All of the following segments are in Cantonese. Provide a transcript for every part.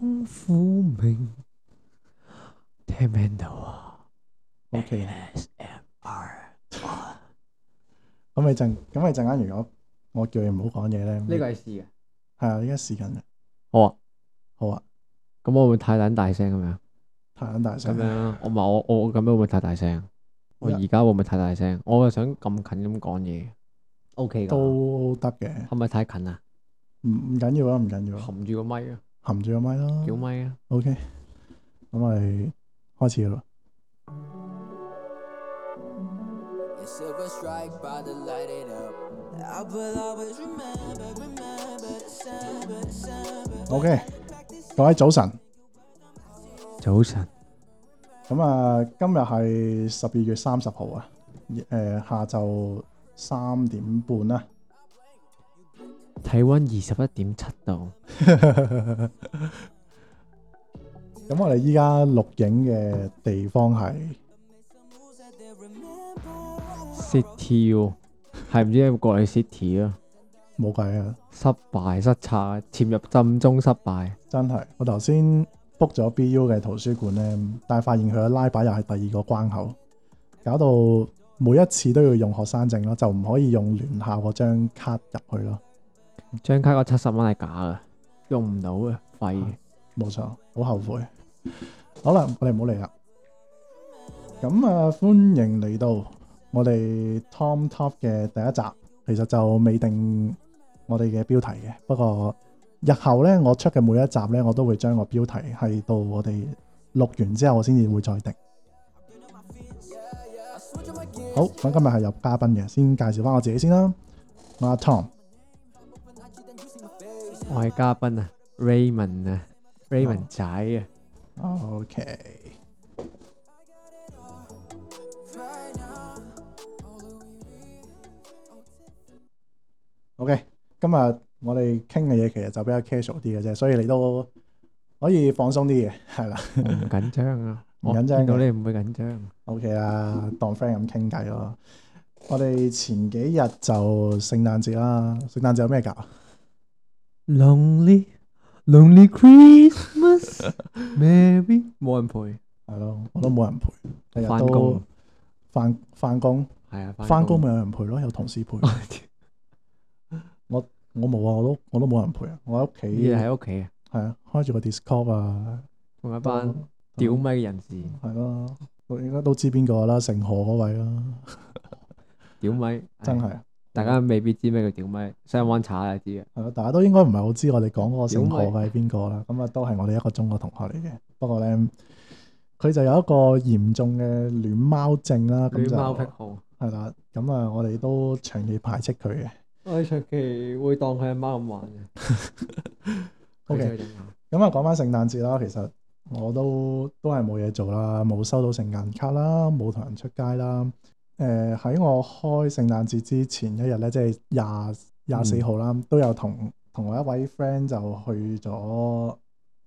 豐富明，聽唔聽到啊？OK，S M R One。咁咪陣，咁咪陣間。如果我叫你唔好講嘢咧，呢個係試嘅。係啊，依家試緊嘅。好啊，好啊。咁我會唔會太大聲咁樣，太大聲。咁樣，我咪我我咁樣會唔會太大聲？我而家會唔會太大聲？我又想咁近咁講嘢。OK。都得嘅。係咪太近啊？唔唔緊要啊，唔緊要啊。含住個咪啊！含住個麥啦，叫麥啊，OK，咁咪開始咯。OK，各位早晨，早晨。咁啊，今日係十二月三十號啊，誒，下晝三點半啦。體溫二十一點七度。咁 我哋依家錄影嘅地方係 City U，係唔知有冇過去 City 啊？冇計啊！失敗、失策、潛入陣中失敗，真係。我頭先 book 咗 B U 嘅圖書館咧，但係發現佢嘅拉擺又係第二個關口，搞到每一次都要用學生證咯，就唔可以用聯校嗰張卡入去咯。張卡個七十蚊係假嘅，用唔到嘅，廢，冇錯，好後悔。好啦，我哋唔好嚟啦。咁啊，歡迎嚟到我哋 Tom Top 嘅第一集。其實就未定我哋嘅標題嘅，不過日後咧，我出嘅每一集咧，我都會將個標題係到我哋錄完之後，我先至會再定。好，咁今日係有嘉賓嘅，先介紹翻我自己先啦，我阿 Tom。我係嘉賓啊，Raymond 啊，Raymond 仔啊。Okay。Okay，今日我哋傾嘅嘢其實就比較 casual 啲嘅啫，所以你都可以放鬆啲嘅，係啦。唔緊張啊，唔緊張，到你唔會緊張。Okay 啦，當 friend 咁傾偈咯。我哋前幾日就聖誕節啦，聖誕節有咩搞啊？Lonely, Lonely Christmas, Maybe，冇人陪，係咯，我都冇人陪，日日都翻翻工，係啊，翻工咪有人陪咯，有同事陪。我我冇啊，我都我都冇人陪啊，我喺屋企，喺屋企，係啊，開住個 Discord 啊，同一班屌米嘅人士，係咯，我應該都知邊個啦，成河嗰位啦，屌米真係。大家未必知咩佢叫咩，上網查下知啦。係咯，大家都應該唔係好知我哋講嗰個姓何嘅係邊個啦。咁啊，都係我哋一個中國同學嚟嘅。不過咧，佢就有一個嚴重嘅戀貓症啦。戀貓癖好係啦。咁啊，我哋都長期排斥佢嘅。我哋長期會當佢係貓咁玩嘅。O K，咁啊，講翻聖誕節啦。其實我都都係冇嘢做啦，冇收到聖誕卡啦，冇同人出街啦。誒，喺、呃、我開聖誕節之前一日咧，即係廿廿四號啦，嗯、都有同同我一位 friend 就去咗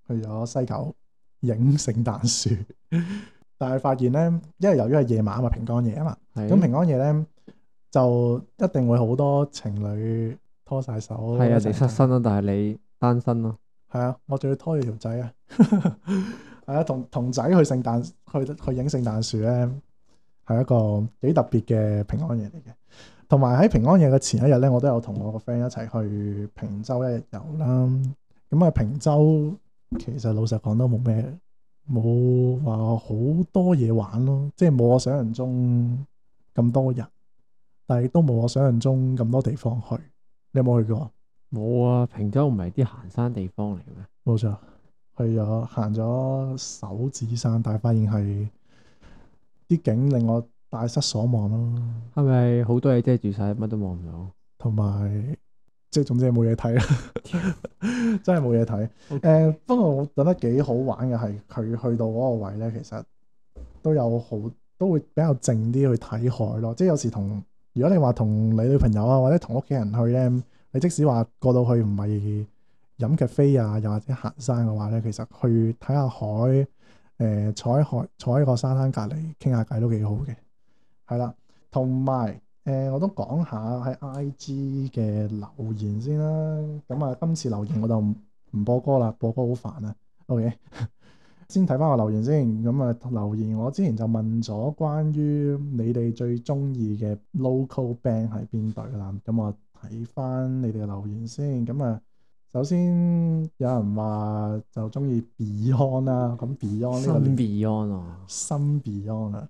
去咗西九影聖誕樹， 但係發現咧，因為由於係夜晚啊嘛，平安夜啊嘛，咁、啊、平安夜咧就一定會好多情侶拖晒手，係啊，就失身咯，但係你單身咯，係啊，我仲要拖住條仔啊，係 啊，同同仔去聖誕去去影聖誕樹咧。係一個幾特別嘅平安夜嚟嘅，同埋喺平安夜嘅前一日咧，我都有同我個 friend 一齊去平洲一日遊啦。咁啊，平洲其實老實講都冇咩，冇話好多嘢玩咯，即係冇我想象中咁多人，但係亦都冇我想象中咁多地方去。你有冇去過？冇啊！平洲唔係啲行山地方嚟嘅咩？冇錯，去咗行咗手指山，但係發現係。啲景令我大失所望咯。啊，係咪好多嘢遮住晒乜都望唔到？同埋即係總之係冇嘢睇啦， 真係冇嘢睇。誒不過我覺得幾好玩嘅係佢去到嗰個位咧，其實都有好都會比較靜啲去睇海咯。即係有時同如果你話同你女朋友啊，或者同屋企人去咧，你即使話過到去唔係飲咖啡啊，又或者行山嘅話咧，其實去睇下海。誒、呃、坐喺海坐喺個沙灘隔籬傾下偈都幾好嘅，係啦。同埋誒我都講下喺 IG 嘅留言先啦。咁啊，今次留言我就唔唔播歌啦，播歌好煩啊。OK， 先睇翻個留言先。咁啊，留言我之前就問咗關於你哋最中意嘅 local band 係邊隊啦。咁我睇翻你哋嘅留言先。咁啊。首先有人話就中意 Beyond 啦、這個，咁 Beyond 呢個 Beyond 啊，新 Beyond 啊，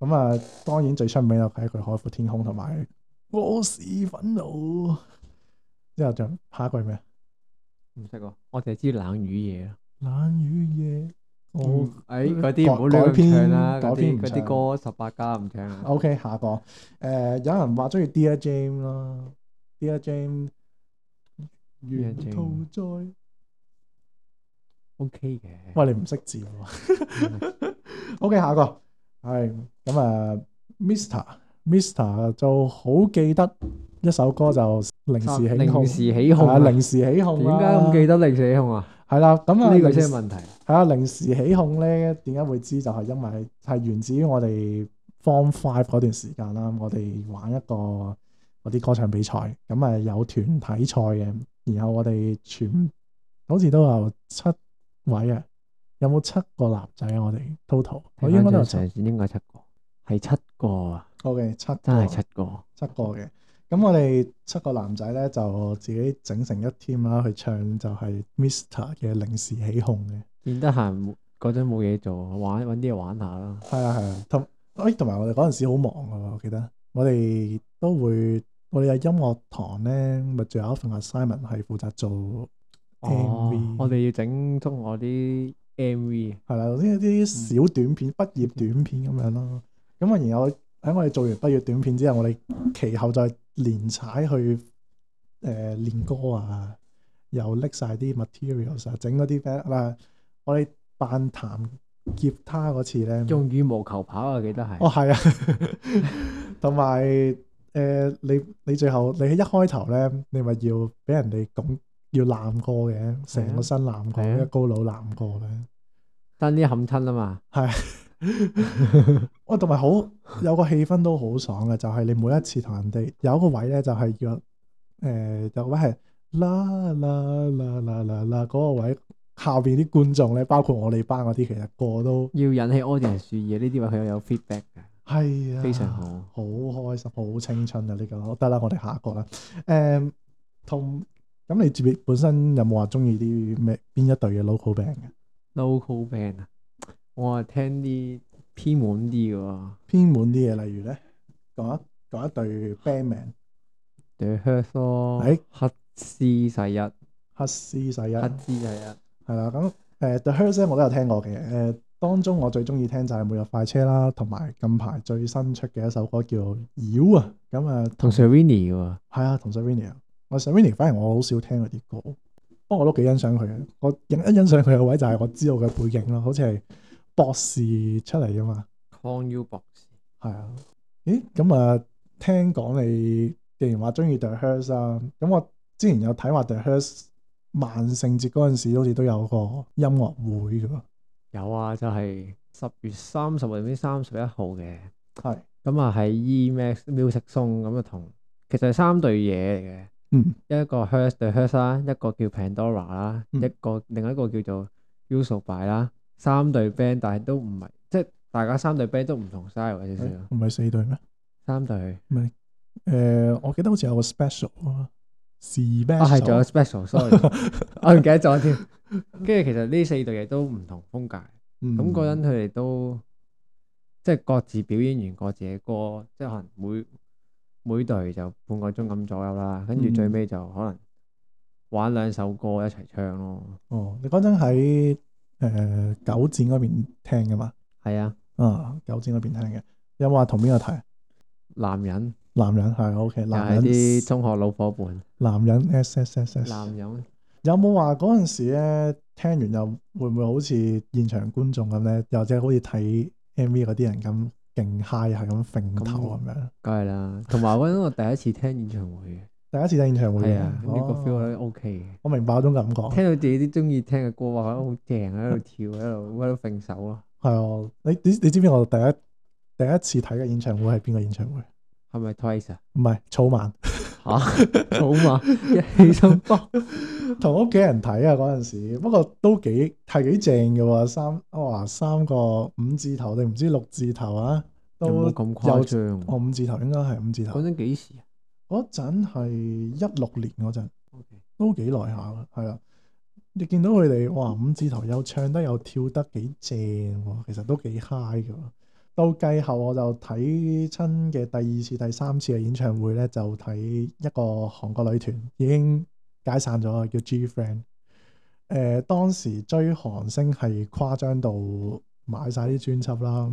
咁啊，啊當然最出名就係佢《海闊天空》同埋《我是憤怒》，之後就下一句咩啊？唔識啊，我淨係知冷雨夜啊，冷雨夜，雨夜嗯、我誒嗰啲唔好亂唱啦，嗰啲嗰啲歌十八家唔唱 O、okay, K，下個誒、呃、有人話中意 Dear Jane 啦，Dear Jane 沿途再，O K 嘅。Okay、的喂，你唔識字喎。 o、okay, K，下一個係咁啊 Mr. Mr. 就好記得一首歌就零時起哄，零時，啊、時起哄啊，零時起哄。點解咁記得零時起哄啊？係啦，咁啊，呢個先係問題。係啊，零、啊、時起哄咧，點解會知？就係、是、因為係源自於我哋 Form Five 嗰段時間啦。我哋玩一個嗰啲歌唱比賽，咁啊有團體賽嘅。然後我哋全好似都有七位，啊，嗯、有冇七個男仔啊？我哋 total，、嗯、我應該都有七，嗯、應該七個，係七個啊。OK，七真係七個，okay, 七個嘅。咁我哋七個男仔咧就自己整成一 team 啦，去唱就係 Mr. 嘅臨時起哄嘅。咁得閒，嗰陣冇嘢做，玩搵啲嘢玩下啦。係、嗯嗯嗯哎、啊係啊，同誒同埋我哋嗰陣時好忙噶，我記得我哋都會。我哋喺音樂堂咧，咪仲有一份 assignment 係負責做 MV，哦。我哋要整通我啲 MV。係啦，啲啲小短片、畢、嗯、業短片咁樣咯。咁啊，然後喺我哋做完畢業短片之後，我哋其後再連踩去誒練、呃、歌啊，又拎晒啲 materials 啊，整嗰啲咩啊？我哋扮彈吉他嗰次咧，用羽毛球拍啊，記得係。哦，係啊，同埋。誒、呃，你你最後你喺一開頭咧，你咪要俾人哋噉，要攬過嘅，成個身攬過，啊、一高佬攬過咧，爭啲冚親啊嘛。係， 我同埋好有個氣氛都好爽嘅，就係、是、你每一次同人哋有一個位咧，就係要誒，就位係啦啦啦啦啦啦嗰個位，下邊啲觀眾咧，包括我哋班嗰啲，其實個都要引起 audience 注意，呢啲位佢又有 feedback 嘅。係啊，非常好，好開心，好青春啊！呢、這個得啦，我哋下一個啦。誒、嗯，同咁你自本身有冇話中意啲咩邊一隊嘅 loc local band 嘅？local band 啊，我係聽啲偏滿啲嘅。偏滿啲嘢，例如咧，講一講一對 band 名，the hurts 咯、哎，黑絲十一，黑絲十一，黑絲十一。係啦、啊。咁誒、呃、，the hurts 我都有聽過嘅，誒、呃。當中我最中意聽就係、是《每日快車》啦，同埋近排最新出嘅一首歌叫《妖》啊。咁、嗯嗯、啊，同 Serrini 嘅喎。係啊，同 Serrini 我 Serrini 反而我好少聽佢啲歌，不過我都幾欣賞佢嘅。我一欣賞佢嘅位就係我知道佢背景咯，好似係博士出嚟噶嘛。Calling y o U 博士係啊。咦？咁、嗯、啊、嗯嗯嗯，聽講你既然話中意 The Hertz 啊，咁我之前有睇話 The Hertz 萬聖節嗰陣時好似都有個音樂會嘅喎。有啊，就係、是、十月三十日唔知三十一號嘅，係咁啊，係是、嗯、EMAX Music Song 咁啊同，其實係三對嘢嚟嘅，嗯、一個 Hers 對 Hers 啦，一個叫 Pandora 啦，一個、嗯、另一個叫做 Ushuaï 啦，三對 band，但係都唔係即係大家三對 band 都唔同 style 嘅，唔係、欸、四對咩？三對，唔係誒，我記得好似有個 special 啊。啊，係仲有 special，sorry，我唔記得咗添。跟住 其實呢四隊嘢都唔同風格，咁嗰陣佢哋都即係各自表演完各自嘅歌，即係可能每每隊就半個鐘咁左右啦。跟住最尾就可能玩兩首歌一齊唱咯。嗯、哦，你嗰陣喺誒九展嗰邊聽噶嘛？係啊，啊九展嗰邊聽嘅。有冇話同邊個睇？男人。男人係 O K，男人啲中學老伙伴。男人 SS SS S S S 男人 有冇話嗰陣時咧？聽完又會唔會好似現場觀眾咁咧？又即係好似睇 M V 嗰啲人咁勁 high 咁，揈頭咁樣。梗係啦，同埋我我第一次聽演唱會嘅， 第一次聽演唱會啊，呢、這個 feel 都 O K 嘅。我明白嗰種感覺，聽到自己啲中意聽嘅歌，我覺得好正，喺度 跳，喺度喺度揈手咯。係啊， 你你你知唔知我第一第一次睇嘅演唱會係邊個演唱會？係咪 Twice 啊？唔係草蜢吓，草蜢一起身幫同屋企人睇啊！嗰陣、 啊、時，不過都幾係幾正嘅、啊。三哇、哦，三個五字頭定唔知六字頭啊？都咁誇張。哦，五字頭應該係五字頭。嗰陣幾時啊？嗰陣係一六年嗰陣，都幾耐下啦，係啦、啊。你見到佢哋哇，五字頭又唱得又跳得幾正、啊，其實都幾 high 噶、啊。到計後我就睇親嘅第二次、第三次嘅演唱會咧，就睇一個韓國女團已經解散咗，叫 G Friend。誒、呃，當時追韓星係誇張到買晒啲專輯啦，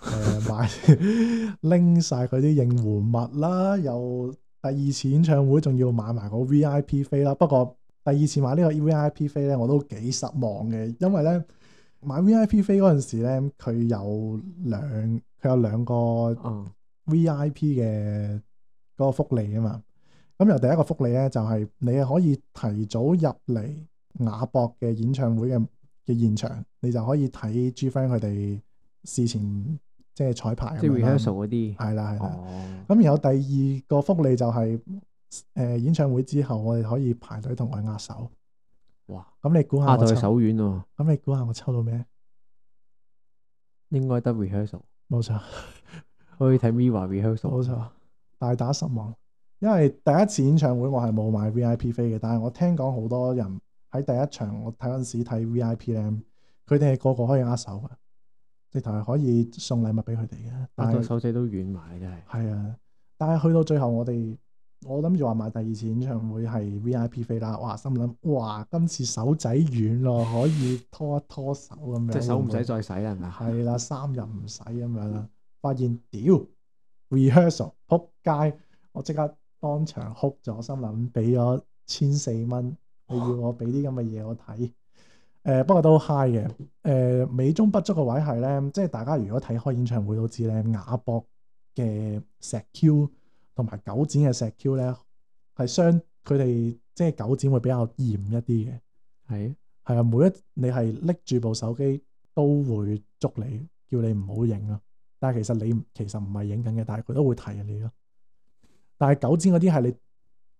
誒、呃，買拎晒佢啲應援物啦，又第二次演唱會仲要買埋個 V I P 飛啦。不過第二次買呢個 V I P 飛咧，我都幾失望嘅，因為咧。買 V.I.P 飛嗰陣時咧，佢有兩佢有兩個 V.I.P 嘅嗰個福利啊嘛。咁由、嗯嗯、第一個福利咧，就係、是、你係可以提早入嚟亞博嘅演唱會嘅嘅現場，你就可以睇 G.Friend 佢哋事前即係彩排。即係 rehearsal 嗰啲。係啦係啦。咁然後第二個福利就係、是、誒、呃、演唱會之後，我哋可以排隊同佢握手。哇！咁你估下我抽到手軟？咁你估下我抽到咩？應該得 rehearsal。冇錯，可以睇 Viva rehearsal。冇錯，大打失望。因為第一次演唱會我係冇買 VIP 飛嘅，但係我聽講好多人喺第一場我睇嗰陣時睇 VIP 咧，佢哋係個個可以握手嘅，直頭係可以送禮物俾佢哋嘅。但手手仔都軟埋，嘅。係。係啊，但係去到最後我哋。我諗住話買第二次演唱會係 V.I.P. 飛啦，哇！心諗哇，今次手仔軟咯，可以拖一拖手咁樣。隻手唔使再洗啦嘛。係啦，三日唔洗咁樣啦。發現屌 rehearsal 仆街，我即刻當場哭咗。心諗俾咗千四蚊，你要我俾啲咁嘅嘢我睇。誒、啊呃、不過都 high 嘅。誒、呃、美中不足嘅位係咧，即係大家如果睇開演唱會都知咧，亞博嘅石 Q。同埋九展嘅石 Q 咧，係相佢哋即係九展會比較嚴一啲嘅。係的，係啊，每一你係拎住部手機都會捉你，叫你唔好影咯。但係其實你其實唔係影緊嘅，但係佢都會提你咯。但係九展嗰啲係你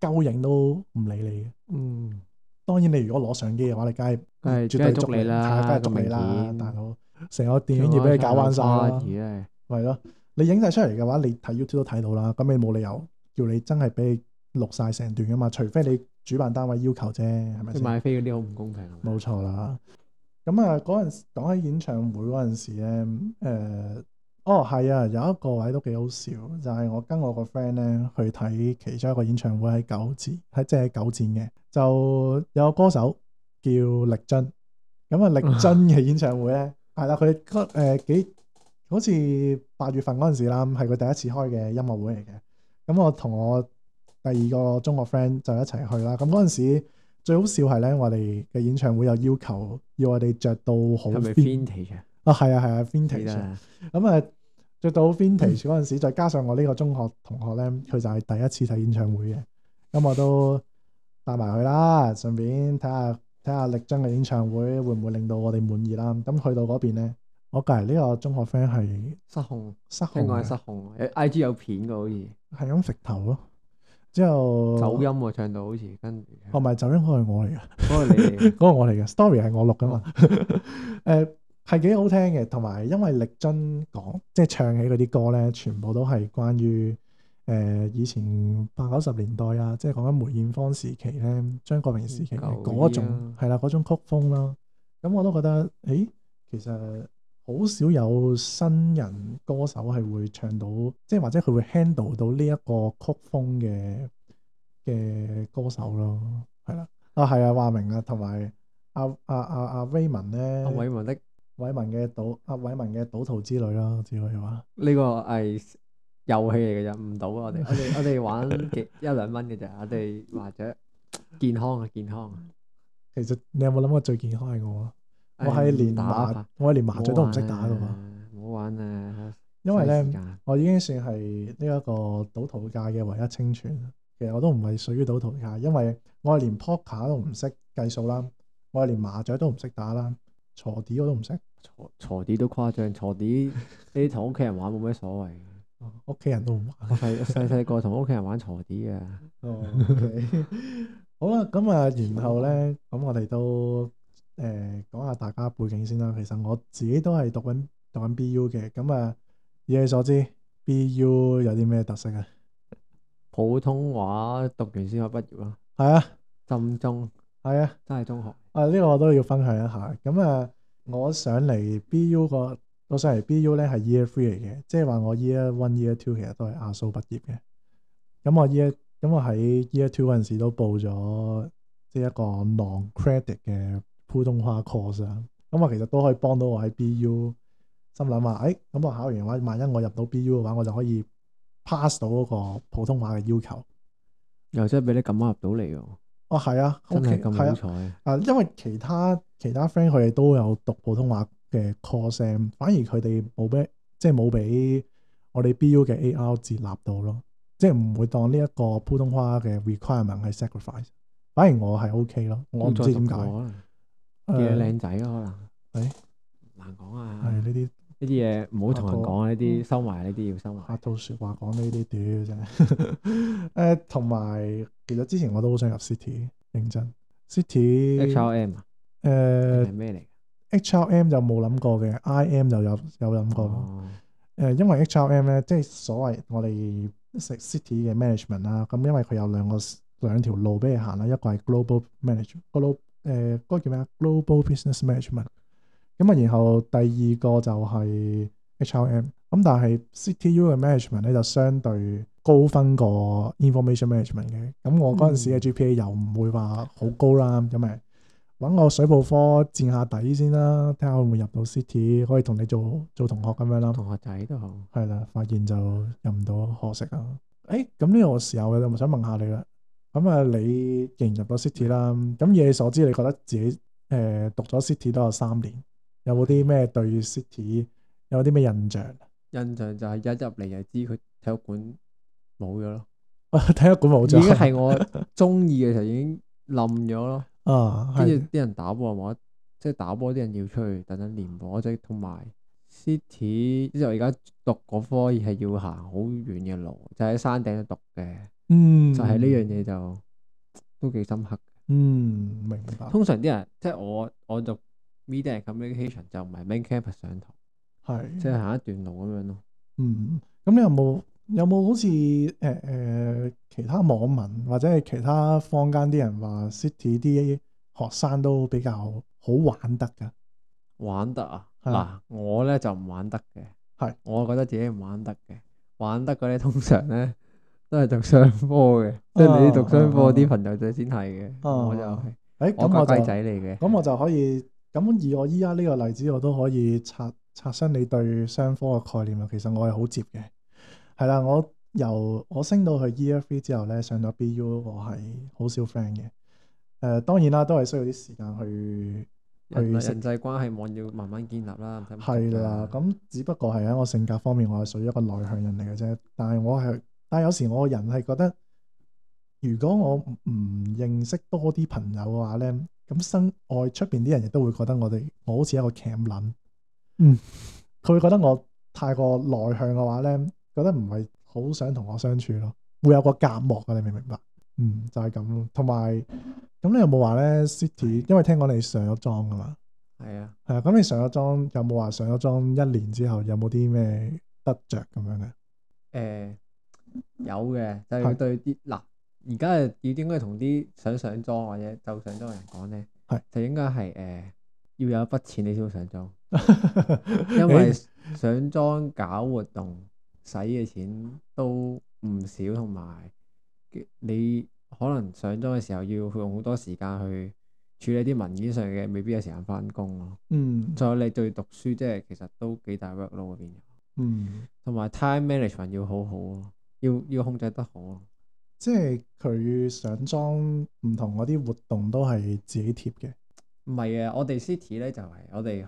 鳩影都唔理你嘅。嗯，當然你如果攞相機嘅話，你梗係梗係絕對捉你啦，梗係捉你啦。大佬，成個，個電影業俾、嗯嗯、你搞彎晒，係咯、嗯。嗯嗯你影曬出嚟嘅話，你睇 YouTube 都睇到啦。咁你冇理由叫你真係俾你錄曬成段噶嘛？除非你主辦單位要求啫，係咪先？去買飛嗰啲好唔公平啊！冇錯啦。咁啊，嗰陣講起演唱會嗰陣時咧，誒，哦，係啊，有一個位都幾好笑，就係我跟我個 friend 咧去睇其中一個演唱會喺九展，喺即係喺九展嘅，就有個歌手叫力真。咁啊，力真嘅演唱會咧，係啦，佢誒幾？好似八月份嗰陣時啦，咁係佢第一次開嘅音樂會嚟嘅。咁我同我第二個中學 friend 就一齊去啦。咁嗰陣時最好笑係咧，我哋嘅演唱會有要求要我哋着到好，係咪 Vintage 啊？啊，係啊，係啊，Vintage 咁啊，著到 Vintage 嗰陣時，再加上我呢個中學同學咧，佢就係第一次睇演唱會嘅。咁我都帶埋佢啦，順便睇下睇下力爭嘅演唱會會唔會令到我哋滿意啦。咁去到嗰邊咧。我隔籬呢個中學 friend 係失，失控，失控，係失控。I G 有片噶，好似係咁，直頭咯。之後走音啊，唱到好似跟住。同埋走音嗰、那個係我嚟噶，嗰個你嚟，嗰 個我嚟噶。Story 係我錄噶嘛，誒，係幾好聽嘅。同埋因為力尊講，即係唱起嗰啲歌咧，全部都係關於誒、呃、以前八九十年代啊，即係講緊梅艷芳時期咧，張國榮時期嗰種係、啊、啦，嗰種曲風啦。咁我都覺得，誒、欸，其實。好少有新人歌手係會唱到，即係或者佢會 handle 到呢一個曲風嘅嘅歌手咯，係啦，啊係啊，話明啊，同埋阿阿阿阿偉文咧，阿、啊啊、偉文的偉文嘅賭，阿偉文嘅賭徒之類咯。只可以話呢個係遊戲嚟嘅啫，唔賭啊我哋，我哋我哋玩幾 一兩蚊嘅啫，我哋或者健康啊，健康啊，其實你有冇諗過最健康係我啊？我係連麻，我係連麻雀都唔識打㗎嘛，唔好玩啊！玩啊，因為咧，啊、我已經算係呢一個賭徒界嘅唯一清泉。其實我都唔係屬於賭徒界，因為我係連 poker 都唔識計數啦，我係連麻雀都唔識打啦，鋤 D 我都唔識。鋤鋤 D 都誇張，鋤 D 你同屋企人玩冇咩所謂。屋企、啊、人都唔玩。我係細細個同屋企人玩鋤 D 嘅。哦，好啦，咁啊，然後咧，咁我哋都～誒，講、呃、下大家背景先啦。其實我自己都係讀緊讀緊 B U 嘅，咁、嗯、啊，以你所知，B U 有啲咩特色啊？普通話讀完先可畢業啊。係中啊，浸中係啊，真係中學。啊、呢、這個我都要分享一下。咁、嗯、啊、嗯，我上嚟 B U 個，我上嚟 B U 咧係 year three 嚟嘅，即係話我 year one，year two 其實都係亞蘇畢業嘅。咁、嗯、我 year，咁、嗯、我喺 year two 嗰陣時都報咗即係一個 non credit 嘅。普通話 course 啊，咁我其實都可以幫到我喺 BU 心。心諗話，誒咁我考完嘅話，萬一我入到 BU 嘅話，我就可以 pass 到嗰個普通話嘅要求。又真係俾你咁啱入到嚟喎！哦，係啊，啊真係咁好彩啊！因為其他其他 friend 佢哋都有讀普通話嘅 course，反而佢哋冇咩，即係冇俾我哋 BU 嘅 AR 接納到咯。即係唔會當呢一個普通話嘅 requirement 係 sacrifice。反而我係 OK 咯，我唔知點解。見靚仔咯，可能，誒，難講啊。係呢啲呢啲嘢唔好同人講啊！呢啲收埋，呢啲要收埋。拍套說話講呢啲屌，真係。誒，同埋，其實之前我都好想入 city，認真。city。H R M 啊？誒，係咩嚟？H R M 就冇諗過嘅，I M 就有有諗過。誒，因為 H R M 咧，即係所謂我哋食 city 嘅 management 啦。咁因為佢有兩個兩條路俾你行啦，一個係 global manager，global。誒嗰、呃那個叫咩啊？Global Business Management，咁啊，然後第二個就係 HRM，咁但係 City U 嘅 Management 咧就相對高分過 Information Management 嘅，咁我嗰陣時嘅 GPA 又唔會話好高啦，咁咪揾個水報科墊下底先啦，睇下會唔會入到 City 可以同你做做同學咁樣啦。同學仔都好，係啦，發現就入唔到可惜啊！誒、欸，咁呢個時候我就唔想問下你啦。咁啊、嗯，你仍然入咗 City 啦，咁以你所知，你覺得自己誒、呃、讀咗 City 都有三年，有冇啲咩對 City 有啲咩印象？印象就係一入嚟就知佢體育館冇咗咯，體育館冇咗，已經係我中意嘅時候已經冧咗咯。啊， 跟住啲人打波，我即係打波啲人要出去等等練火即同埋 City，因為而家讀嗰科係要行好遠嘅路，就喺、是、山頂度讀嘅。嗯，就係呢樣嘢就都幾深刻。嗯，明白。通常啲人即係、就是、我，我就 media communication 就唔係 main campus 上堂是，係即係行一段路咁樣咯。嗯，咁你有冇有冇好似誒誒其他網民或者係其他坊間啲人話 City 啲學生都比較好玩得噶？玩得啊？嗱吧、啊，我咧就唔玩得嘅。係是，我覺得自己唔玩得嘅。玩得嘅啲通常咧。嗯都係讀商科嘅，啊、即係你讀商科啲朋友仔先係嘅，啊、我就係，哎、我架雞仔嚟嘅。咁我就可以咁的以我依家呢個例子，我都可以刷刷新你對商科嘅概念啦。其實我係好接嘅，係啦。我由我升到去 IVE 之後咧，上咗 B U，我係好少 friend 嘅。誒、呃，當然啦，都係需要啲時間去人類去升人際關係網要慢慢建立啦。係啦，咁只不過係喺我性格方面，我係屬於一個內向人嚟嘅啫。但係我係。但係有時我個人係覺得，如果我唔認識多啲朋友嘅話咧，咁身外出邊啲人亦都會覺得我哋我好似一個夾捻，嗯，佢會覺得我太過內向嘅話咧，覺得唔係好想同我相處咯，會有個隔膜嘅，你明唔明白？嗯，就係咁咯。同埋咁你有冇話咧？City，因為聽講你上咗莊噶嘛，係的啊，係啊。咁你上咗莊有冇話上咗莊一年之後有冇啲咩得着咁樣嘅？誒、欸。有嘅，就係、是、對啲嗱，而家要點解同啲想上莊或者就上莊嘅人講咧，就的應該係誒，要有一筆錢你先上莊， 因為上莊搞活動使嘅錢都唔少，同埋你可能上莊嘅時候要用好多時間去處理啲文件上嘅，未必有時間返工咯。嗯，再你對讀書即係其實都幾大 work 咯嗰邊。嗯，同埋 time management 要好好、啊、咯。要要控制得好啊！即係佢上莊唔同嗰啲活動都係自己貼嘅。唔係啊，我哋 city 咧就係我哋，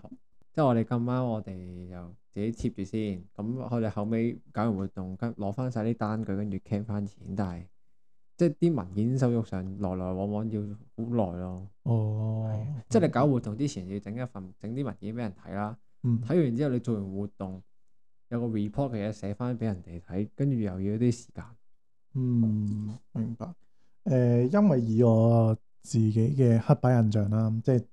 即係我哋咁啱，我哋就自己貼住先。咁我哋後尾搞完活動，跟攞翻晒啲單據，跟住 claim 翻錢。但係即係啲文件手續上來來往往要好耐咯。哦，的嗯、即係你搞活動之前要整一份，整啲文件俾人睇啦。嗯，睇完之後你做完活動。有個 report 嘅嘢寫翻俾人哋睇，跟住又要啲時間。嗯，明白。誒、呃，因為以我自己嘅黑白印象啦，即係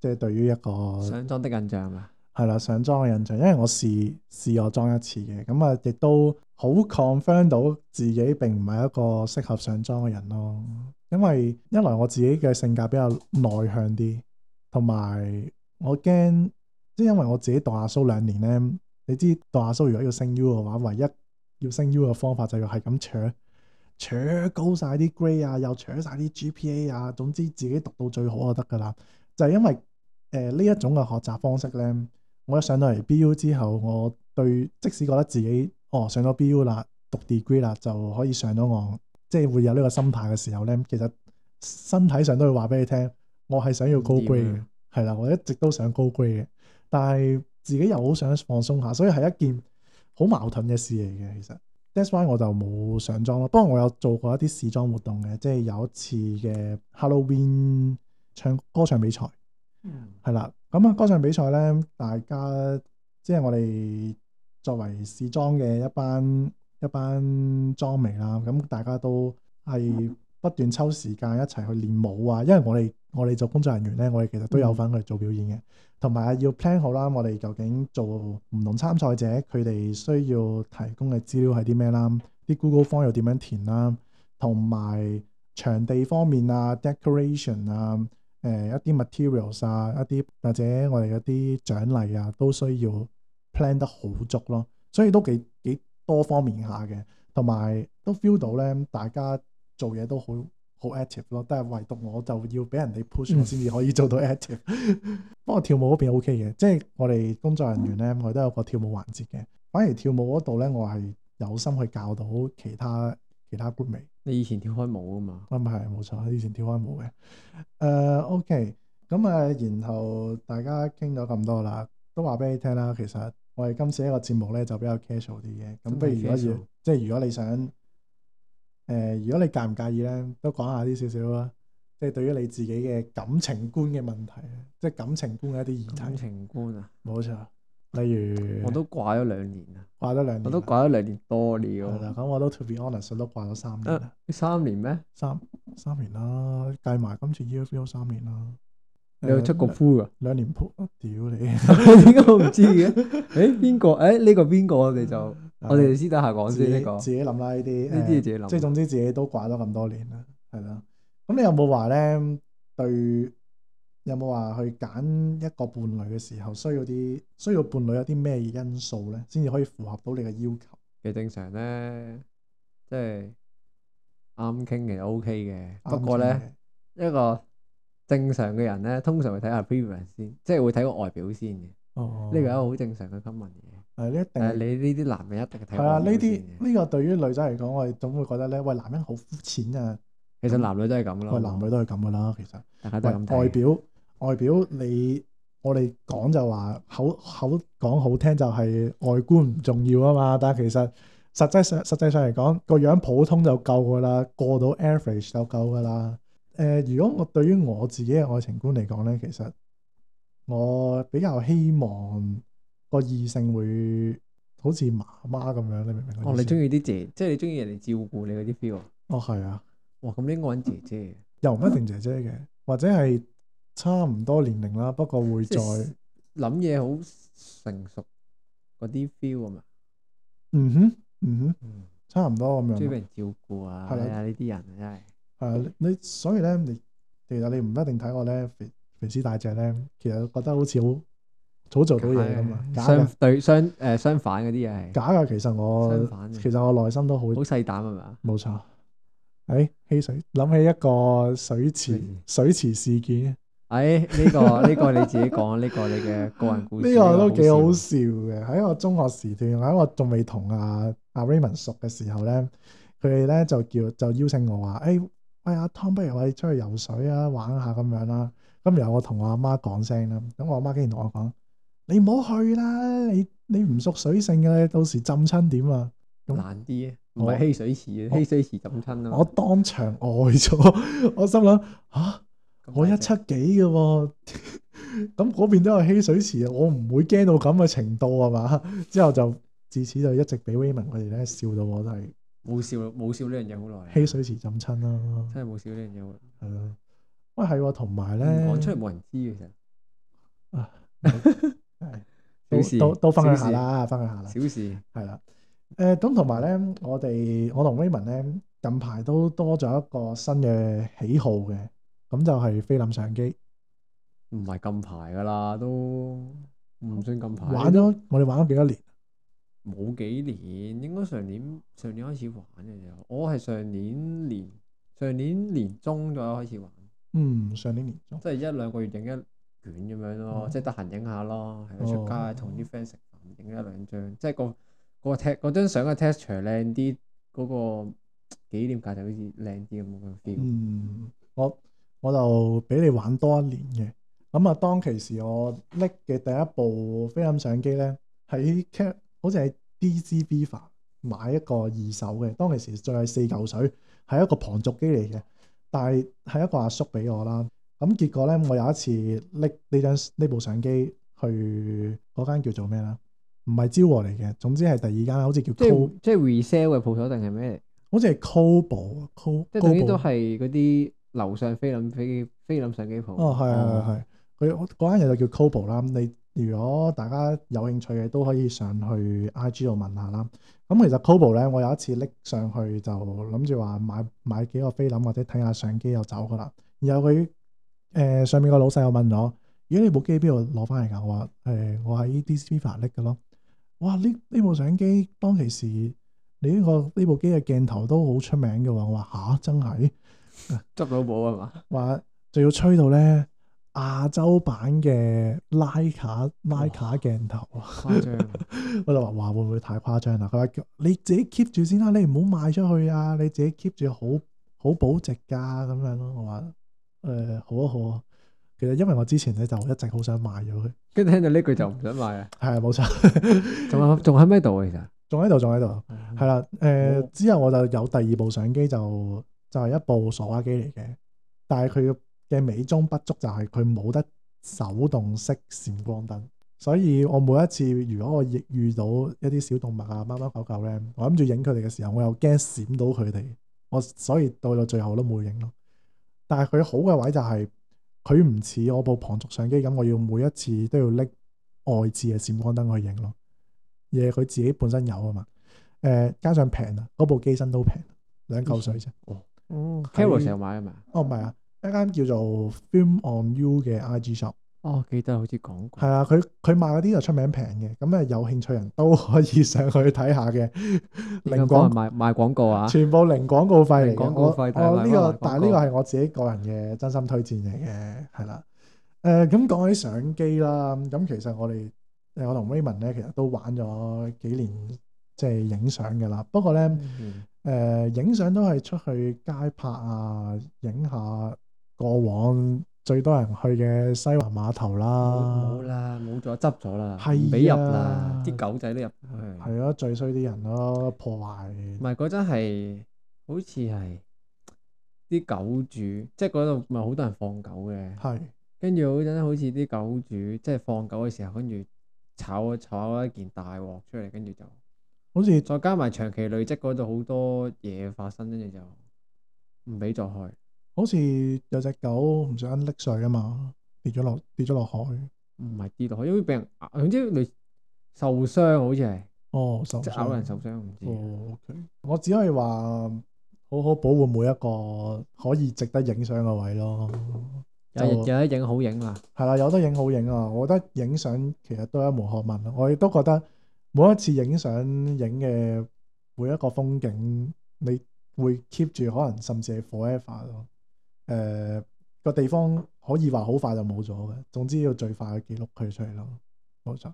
即係對於一個上妝的印象啊，係啦，上妝嘅印象，因為我試試我妝一次嘅，咁啊亦都好 confirm 到自己並唔係一個適合上妝嘅人咯。因為一來我自己嘅性格比較內向啲，同埋我驚，即係因為我自己讀阿蘇兩年咧。你知道阿叔如果要升 U 嘅話，唯一要升 U 嘅方法就係咁扯扯高晒啲 grade 啊，又扯晒啲 GPA 啊，總之自己讀到最好就得㗎啦。就係、是、因為誒呢、呃、一種嘅學習方式咧，我一上到嚟 BU 之後，我對即使覺得自己哦上咗 BU 啦，讀 degree 啦，就可以上到岸，即係會有呢個心態嘅時候咧，其實身體上都會話俾你聽，我係想要高 grade 嘅，係啦，我一直都想高 grade 嘅，但係。自己又好想放鬆下，所以係一件好矛盾嘅事嚟嘅。其實，that's why 我就冇上裝咯。不過我有做過一啲試裝活動嘅，即係有一次嘅 Halloween 唱歌唱比賽，嗯、mm.，係啦。咁啊，歌唱比賽咧，大家即係、就是、我哋作為試裝嘅一班一班裝眉啦。咁大家都係。Mm. 不斷抽時間一齊去練舞啊，因為我哋我哋做工作人員咧，我哋其實都有份去做表演嘅。同埋啊，要 plan 好啦，我哋究竟做唔同參賽者佢哋需要提供嘅資料係啲咩啦？啲 Google Form 又點樣填啦？同埋場地方面啊，decoration 啊，誒、呃、一啲 materials 啊，一啲或者我哋有啲獎勵啊，都需要 plan 得好足咯。所以都幾幾多方面下嘅，同埋都 feel 到咧，大家。做嘢都好好 active 咯，但係唯獨我就要俾人哋 push，我先至可以做到 active。 不過跳舞嗰邊 OK 嘅，即係我哋工作人員咧，我都有個跳舞環節嘅。反而跳舞嗰度咧，我係有心去教到其他其他 groupmate。你以前跳開舞啊嘛？咁係冇錯，以前跳開舞嘅。誒、uh, OK，咁誒，然後大家傾咗咁多啦，都話俾你聽啦。其實我哋今次一個節目咧就比較 casual 啲嘅。咁不如如果要，即係如果你想。誒，如果你介唔介意咧，都講下啲少少啦，即係對於你自己嘅感情觀嘅問題，即係感情觀嘅一啲。感情觀啊，冇錯。例如，我都掛咗兩年啦，掛咗兩年，我都掛咗兩年多了。咁我都 to be honest 都掛咗三年啦。呢三年咩？三年三年啦，計埋今次 UFO 三年啦。你又出國夫啊？兩年扑啊！屌你，點解？ 我唔知嘅。誒，邊個？誒，呢個邊個？我哋就。 我哋先等下講先，呢自己諗啦，呢啲呢啲自己諗。即係、呃、總之自己都掛咗咁多年啦，係啦。咁你有冇話咧？對，有冇話去揀一個伴侶嘅時候需，需要啲需要伴侶有啲咩因素咧，先至可以符合到你嘅要求？嘅正常咧，即係啱傾其實 OK 嘅。不過咧，一個正常嘅人咧，通常會睇下 appearance 先，即係會睇個外表先嘅。哦，呢個係一個好正常嘅 common 係呢一定，係、啊、你呢啲男嘅一定睇。係啊，呢啲呢個對於女仔嚟講，我哋總會覺得咧，喂，男人好膚淺啊！其實男女都係咁啦。喂，男女都係咁噶啦，其實。外表外表，外表你我哋講就話口口講好聽就係外觀唔重要啊嘛。但係其實實際上實際上嚟講，個樣普通就夠噶啦，過到 average 就夠噶啦。誒、呃，如果我對於我自己嘅愛情觀嚟講咧，其實我比較希望。個異性會好似媽媽咁樣，你明唔明？哦，你中意啲姐，即係你中意人哋照顧你嗰啲 feel 啊？哦，係啊！哇，咁應該搵姐姐，又唔一定姐姐嘅，或者係差唔多年齡啦，不過會再諗嘢好成熟嗰啲 feel 啊嘛。嗯哼，嗯哼，嗯差唔多咁樣。中意人照顧啊！係啊，呢啲、哎、人真係。係啊，你所以咧，你其實你唔一定睇我咧肥肥師大隻咧，其實覺得好似好。好做到嘢咁假的相對相誒相反嗰啲嘢係假㗎。其實我相反，其實我內心都好好細膽，係嘛？冇錯。誒、哎，汽水諗起一個水池的水池事件。誒、哎，呢、這個呢、這個你自己講，呢 個你嘅個人故事。呢 個都幾好笑嘅。喺 我中學時段，喺我仲未同阿阿 Raymond 熟嘅時候咧，佢哋咧就叫就邀請我話：誒、哎，喂、哎、阿 Tom，不如我哋出去游水啊，玩下咁樣啦。咁然後我同我阿媽講聲啦。咁我阿媽，媽竟然同我講。你唔好去啦！你你唔熟水性嘅，到時浸親點啊？咁難啲，唔係汽水池啊，汽我水池浸親啊！我當場呆咗， 我心諗吓，啊、我一七幾嘅喎，咁嗰邊都有汽水池啊！我唔會驚到咁嘅程度啊嘛！ 之後就自此就一直俾 Weiman 佢哋咧笑到我都係冇笑，冇笑呢樣嘢，好耐。汽水池浸親啦，真係冇笑呢樣嘢，好耐。係啊，喂，係喎， 同埋咧，講、嗯、出嚟，冇人知嘅其實。 都都都分享下啦，分享下啦，小事，係啦，誒，咁同埋咧，我哋我同 Raymond 咧近排都多咗一個新嘅喜好嘅，咁就係菲林相機，唔係近排噶啦，都唔算近排，玩咗我哋玩咗幾多年，冇幾年，應該上年上年開始玩嘅咋，我係上年年上年年中左右開始玩，嗯，上年年中，即係一兩個月定一。卷咁樣咯，嗯、即係得閒影下咯、嗯，出街同啲 friend 食飯影一兩張，即係個嗰 take 嗰張相嘅 texture 靚啲，嗰、嗰個紀念價就好似靚啲咁樣 feel。嗯，我我就俾你玩多一年嘅。咁、嗯、啊，當其時我拎嘅第一部菲林相機咧，喺好似喺 DCFever 買一個二手嘅。當其時仲係四嚿水，係一個旁軸機嚟嘅，但係係一個阿叔俾我啦。咁、嗯、結果咧，我有一次拎呢張呢部相機去嗰間叫做咩啦？唔係招和嚟嘅，總之係第二間，好似叫 Cobo，即係 resale 嘅鋪頭定係咩？嚟？好似係 Cobo，Cobo 即係總之都係嗰啲樓上菲林菲菲林相機鋪。哦，係啊，係佢嗰間嘢就叫 Cobo 啦。你如果大家有興趣嘅，都可以上去 I G 度問下啦。咁、嗯、其實 Cobo 咧，我有一次拎上去就諗住話買買幾個菲林或者睇下相機又走噶啦。然後佢。誒、呃，上面個老細又問咗，如果你部機邊度攞翻嚟噶？我話誒、欸，我喺 DCP 發拎 i f t 嘅咯。哇，呢呢部相機當其時，你呢、這個呢部機嘅鏡頭都好出名嘅喎。我話吓、啊，真係執到寶係嘛？話就要吹到咧亞洲版嘅徠卡徠卡鏡頭誇張，張 我就話哇，會唔會太誇張啦？佢話你自己 keep 住先啦，你唔好賣出去啊！你自己 keep 住好好保值噶、啊、咁樣咯。我話。誒，好啊，好啊。其實因為我之前咧，就一直好想賣咗佢，跟住聽到呢句就唔想賣啊。係啊，冇錯。仲仲喺咩度啊？其實仲喺度，仲喺度。係啦，誒，之後我就有第二部相機，就就係一部傻瓜機嚟嘅。但係佢嘅美中不足就係佢冇得手動式閃光燈，所以我每一次如果我遇遇到一啲小動物啊、貓貓狗狗咧，我諗住影佢哋嘅時候，我又驚閃到佢哋，我所以到到最後都冇影咯。但係佢好嘅位就係佢唔似我部旁軸相機咁，我要每一次都要拎外置嘅閃光燈去影咯，嘢佢自己本身有啊嘛，誒、呃、加上平啊，嗰部機身都平，兩嚿水啫。嗯、哦他哦 Carousell 成日買啊嘛？哦，唔係啊，一間叫做 Film on You 嘅 IG shop。哦，記得好似講過。係啊，佢佢賣嗰啲就出名平嘅，咁啊有興趣人都可以上去睇下嘅。零廣賣賣廣告啊？全部零廣告費嚟嘅。廣告費，哦呢個，但係呢個係我自己個人嘅真心推薦嚟嘅，係啦。誒，咁講起相機啦，咁其實我哋誒，我同 Raymond 咧，其實都玩咗幾年，即係影相嘅啦。不過咧，誒，影相都係出去街拍啊，影下過往。最多人去嘅西環碼頭啦，冇啦，冇咗，執咗啦，唔俾入啦，啲狗仔都入去，係咯，最衰啲人咯，破壞。唔係嗰陣係，好似係啲狗主，即係嗰度咪好多人放狗嘅，係。跟住嗰陣好似啲狗主，即係放狗嘅時候，跟住炒一炒一件大鑊出嚟，跟住就，好似再加埋長期累積嗰度好多嘢發生，跟住就唔俾再去。好似有隻狗唔想拎水啊嘛，跌咗落跌咗落海，唔係跌落海，因為俾人，總之你受傷好似係，哦，隻咬人受傷，唔知哦，okay. 我只可以話好好保護每一個可以值得影相嘅位咯，有就有得影好影啊，係啦，有得影好影啊，我覺得影相其實都係一門學問，我亦都覺得每一次影相影嘅每一個風景，你會 keep 住可能甚至係 forever 咯。誒，個、呃、地方可以話好快就冇咗嘅。總之要最快嘅記錄佢出嚟咯，冇錯。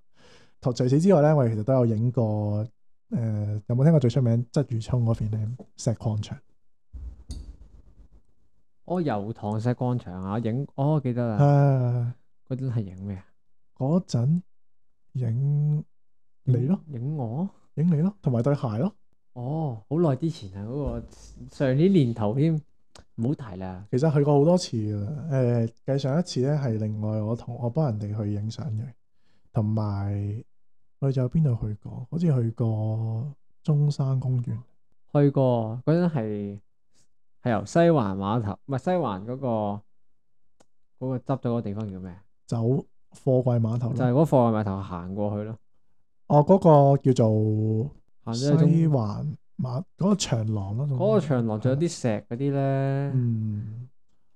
同除此之外咧，我哋其實都有影過誒，有冇聽過最出名鰂魚涌嗰邊咧石礦場？哦，油塘石礦場啊，影，哦，記得啦。誒，嗰陣係影咩啊？嗰陣影你咯，影我，影你咯，同埋對鞋咯。哦，好耐之前啊，嗰、嗰個上年年頭添。唔好提啦。其實去過好多次噶啦。誒、呃，計上一次咧，係另外我同我幫人哋去影相嘅。同埋我仲有邊度去過？好似去過中山公園。去過嗰陣係由西環碼頭，唔係西環嗰、嗰個嗰、嗰個執到個地方叫咩？走貨櫃碼頭。就係嗰貨櫃碼頭行過去咯。哦，嗰、嗰個叫做西環。馬嗰個長廊咯，嗰個長廊仲有啲石嗰啲咧， 嗯，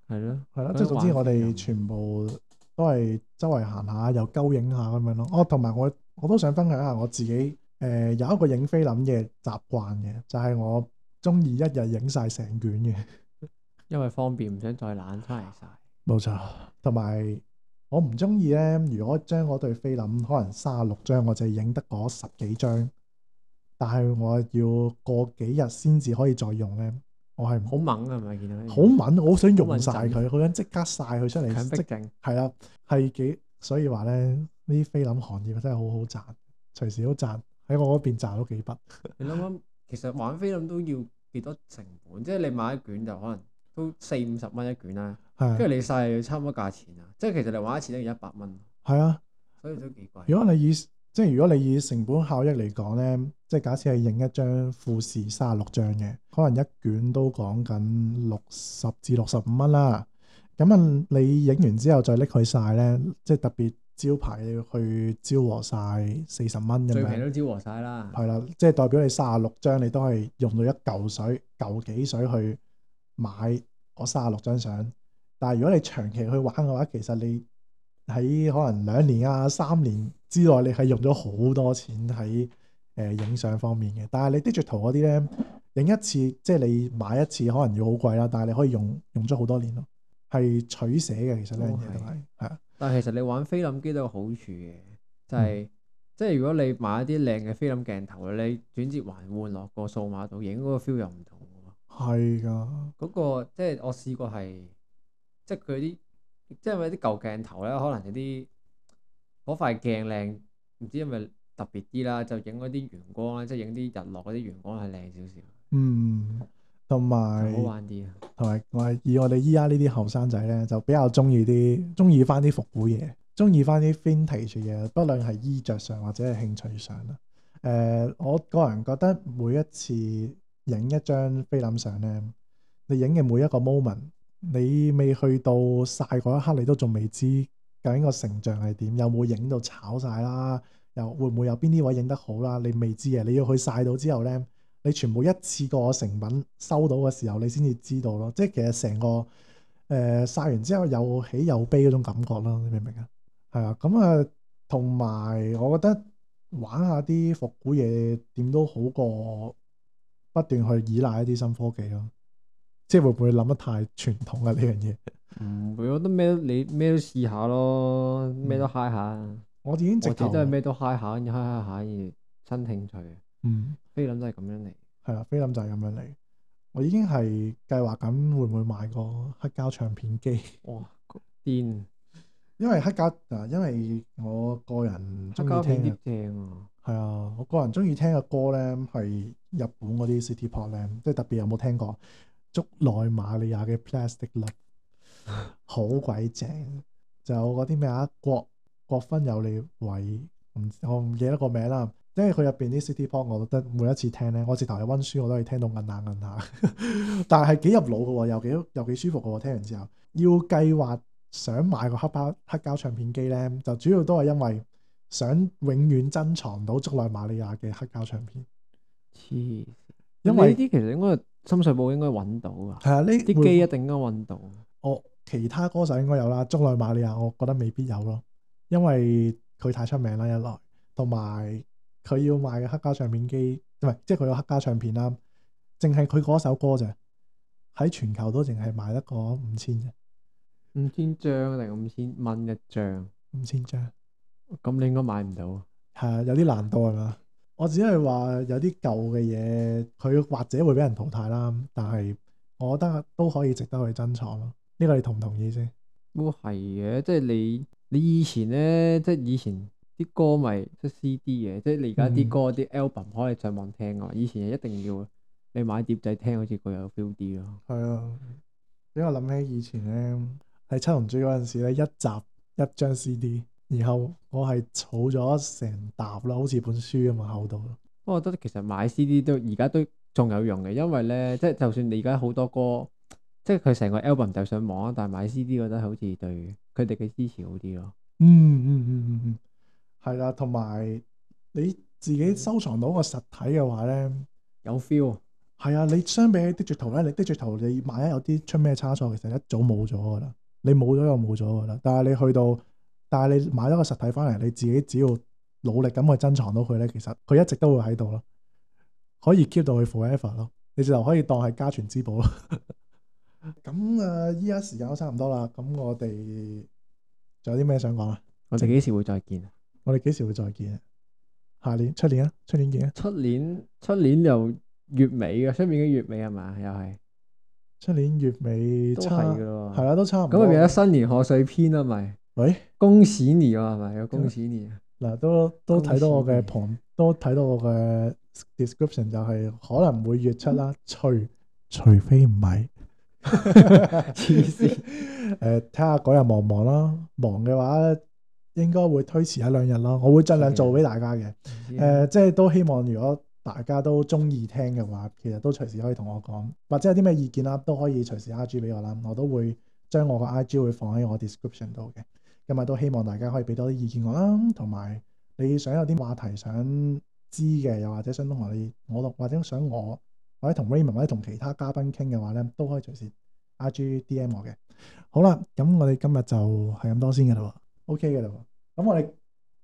係咯、嗯，係咯對，即係總之我哋全部都係周圍行下又鳩影下咁樣咯。哦，同埋我我都想分享下我自己，誒、呃，有一個影菲林嘅習慣嘅，就係、是、我中意一日影晒成卷嘅，因為方便，唔想再攋翻嚟晒。冇錯， 同埋我唔中意咧，如果將嗰對菲林可能卅六張，我就係影得嗰十幾張。但係我要過幾日先至可以再用咧，我係好猛係咪？見到咧，好猛！猛我好想用晒佢，好想即刻晒佢出嚟。強逼勁係啦，係幾所以話咧，呢啲菲林行業真係好好賺，隨時都賺，喺我嗰邊賺咗幾筆。你諗諗，其實玩菲林、um、都要幾多成本？ 即係你買一卷就可能都四五十蚊一卷啦，跟住、啊、你晒要差唔多價錢啊！即係其實你玩一次都要一百蚊。係啊，啊，所以都幾貴。啊、如果你以即係如果你以成本效益嚟講咧，即係假設係影一張富士三十六張嘅，可能一卷都講緊六十至六十五蚊啦。咁啊，你影完之後再拎去晒咧，即係特別招牌去招和晒四十蚊，咁樣。最平都招和晒啦。係啦，即係代表你三十六張你都係用到一嚿水嚿 幾水去買嗰三十六張相。但係如果你長期去玩嘅話，其實你喺可能兩年啊三年。之內你係用咗好多錢喺誒影相方面嘅，但係你 digital 嗰啲咧影一次，即係你買一次可能要好貴啦，但係你可以用用咗好多年咯，係取捨嘅，其實呢樣嘢係係。但係其實你玩菲林機都有好處嘅，就係、是嗯、即係如果你買一啲靚嘅菲林鏡頭咧，你轉接還換落個數碼度影嗰個 feel 又唔同喎。係㗎，嗰個即係我試過係即係佢啲，即係因為啲舊鏡頭咧，可能有啲。嗰塊鏡靚，唔知係咪特別啲啦？就影嗰啲陽光咧，即係影啲日落嗰啲陽光係靚少少。嗯，同埋好玩啲啊！同埋我係以我哋依家呢啲後生仔咧，就比較中意啲，中意翻啲復古嘢，中意翻啲 vintage 嘅，不論係衣着上或者係興趣上啦。誒、呃，我個人覺得每一次影一張菲林相咧，你影嘅每一個 moment，你未去到晒嗰一刻，你都仲未知。究竟個成像係點？有冇影到炒晒啦？又會唔會有邊啲位影得好啦？你未知嘅，你要去晒到之後咧，你全部一次過成品收到嘅時候，你先至知道咯。即係其實成個誒、呃、晒完之後有喜有悲嗰種感覺咯。你明唔明啊？係啊。咁啊，同埋我覺得玩下啲復古嘢點都好過不斷去依賴一啲新科技咯。即係會唔會諗得太傳統啊？呢樣嘢？.唔會，我覺得咩都你咩都試下咯，咩、嗯、都嗨下。我哋已經直接真係咩都嗨下，跟住 high 下一下而新興趣。嗯，菲林都係咁樣嚟，係啦，菲林就係咁樣嚟。我已經係計劃緊會唔會買個黑膠唱片機。哇，癲！因為黑膠嗱，因為黑膠因為我個人中意聽。黑膠片啲正啊。係啊，我個人中意聽嘅歌咧，係日本嗰啲 City Pop 咧，即係特別有冇聽過竹內瑪利亞嘅《Plastic Love》。好鬼正，就有嗰啲咩啊，國國分有你偉，唔我唔記得個名啦。因為佢入邊啲 City Pop 我覺得每一次聽咧，我直頭喺溫書我都係聽到硬下硬下，但係係幾入腦嘅，又幾又幾舒服嘅。聽完之後，要計劃想買個黑包黑膠唱片機咧，就主要都係因為想永遠珍藏到竹內瑪利亞嘅黑膠唱片。黐，因為呢啲其實應該深水埗應該搵到啊，係啊，呢啲機一定應該搵到。哦。其他歌手應該有啦。中內馬利亞，我覺得未必有咯，因為佢太出名啦。一來同埋佢要賣嘅黑膠唱片機，唔係即係佢嘅黑膠唱片啦，淨係佢嗰首歌咋。喺全球都淨係賣得個五千啫，五千張定五千蚊一張，五千張咁，你應該買唔到係 啊，有啲難度係嘛？我只係話有啲舊嘅嘢，佢或者會俾人淘汰啦，但係我覺得都可以值得去珍藏咯。呢個你同唔同意先？都係嘅，即係你你以前咧，即係以前啲歌咪、嗯、出 CD 嘅，即係你而家啲歌啲 album 可以上網聽嘅。以前係一定要你買碟仔聽，好似佢有 feel 啲咯。係啊、嗯，因為我諗起以前咧，喺七龍珠嗰陣時咧，一集一張 CD，然後我係儲咗成沓咯，好似本書咁啊厚到。不過我覺得其實買 CD 都而家都仲有用嘅，因為咧，即係就算你而家好多歌。即係佢成個 album 就上網啊，但係買 CD 覺得好似對佢哋嘅支持好啲咯、嗯。嗯嗯嗯嗯嗯，係、嗯、啦，同埋 你自己收藏到個實體嘅話咧、嗯，有 feel。係啊，你相比起 d t 巨頭咧，你 d t 巨頭你萬一有啲出咩差錯，其實一早冇咗噶啦。你冇咗又冇咗噶啦。但係你去到，但係你買咗個實體翻嚟，你自己只要努力咁去珍藏到佢咧，其實佢一直都會喺度咯，可以 keep 到佢 forever 咯。你就可以當係家傳之寶咯。 咁啊！依家時間都差唔多啦。咁我哋仲有啲咩想講啊？我哋幾時會再見啊？我哋幾時會再見啊？下年、出年啊，出年見啊！出年、出年又月尾嘅，出面嘅月尾係咪？又係出年月尾差嘅咯，係啦，都差唔多。咁。後邊有新年賀歲篇啊，咪喂恭喜你啊，係咪有恭喜你嗱？都都睇到我嘅盤，都睇到我嘅 description 就係、是、可能會月出啦，除除非唔係。黐線，誒 病，睇下嗰日忙唔忙啦，忙嘅話應該會推遲一兩日咯。我會盡量做俾大家嘅，誒的、呃，即係都希望如果大家都中意聽嘅話，其實都隨時可以同我講，或者有啲咩意見啦，都可以隨時 I G 俾我啦。我都會將我個 I G 會放喺我 description 度嘅。咁啊，都希望大家可以俾多啲意見我啦，同埋你想有啲話題想知嘅，又或者想同我哋，我或者想我。或者同 Raymond 或者同其他嘉賓傾嘅話咧，都可以隨時 R G D M 我嘅。好啦，咁我哋今日就係咁多先噶啦，OK 噶啦。咁我哋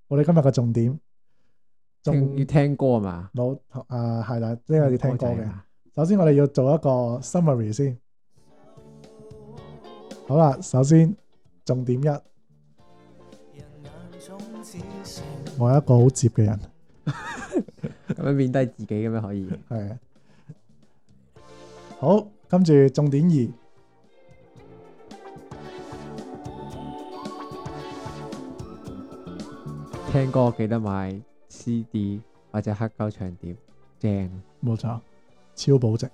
我哋今日嘅重點，聽要聽歌啊嘛。冇啊，係啦，呢個要聽歌嘅。首先我哋要做一個 summary 先。好啦，首先重點一，我係一個好接嘅人，咁樣貶低自己咁樣可以。係啊。好，跟住重點二，聽歌記得買 CD 或者黑膠唱片，正，冇錯，超保值。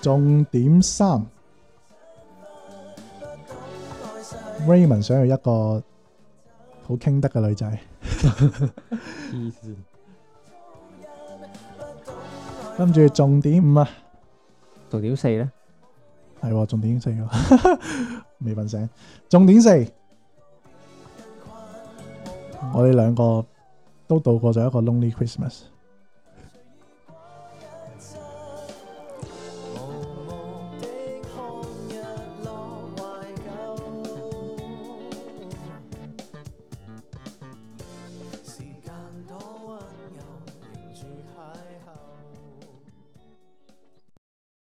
重點三，Raymond 想要一個好傾得嘅女仔。黐線。跟住重點五啊，重點四咧，係重點四，未瞓醒。重點四，我哋兩個都度過咗一個 Lonely Christmas。